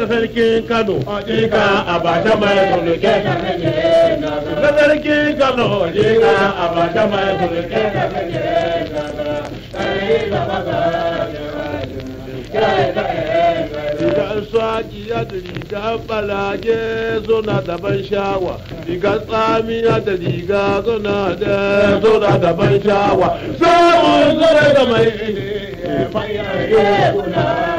na sarkin Kano. Hakika Abacha mai sulke. Na sarkin Kano. Hakika Abacha mai sulke. Rigar sakiya da rigar balage zona daban shawa, rigar tsamiya da riga zona da zona daban shawa, samun zara da mai bayan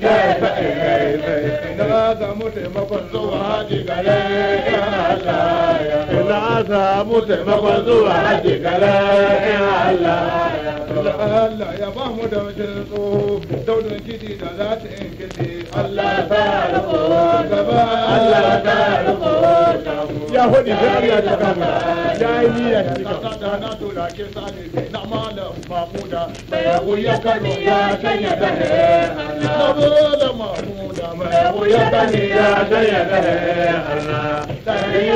ya sai na samu taimakon zuwa haji gare ya Allah ya Allah ya ba mu da wajen tso daudin kiti da za ta yin kiti Allah ta rabo gaba Allah ta ya hode sai Allah ya kama ya yi niyya shi ka na dola ke sani na malam mamuda mai goyi kano ya sanya da he na malam mamuda mai goyi kano ya sanya da he Allah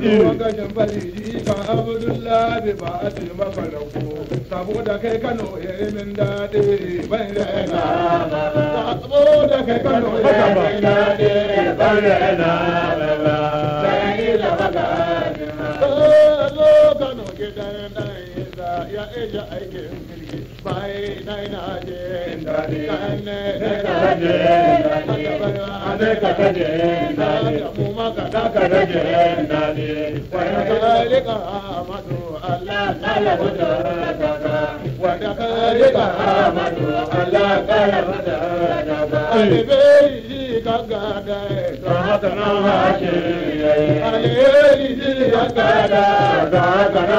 lokacin bari shi ka abdullahi ba a ce saboda kai kano ya yi min daɗi ban raina saboda kai kano ya yi min daɗi ban raina sai da baka zo kano gidan dan ya iya aikin kirki bai na ina je daɗi kan ne ka je ka je ka je za rage yayin Wanda ka rika Amadu Allah kala mata Wanda ka rika Amadu Allah kala mata ji ka gada haka na ji ka gada haka na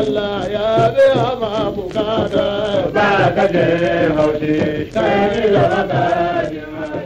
Allah ya biya ma bukata ba ka je haushi kai da baka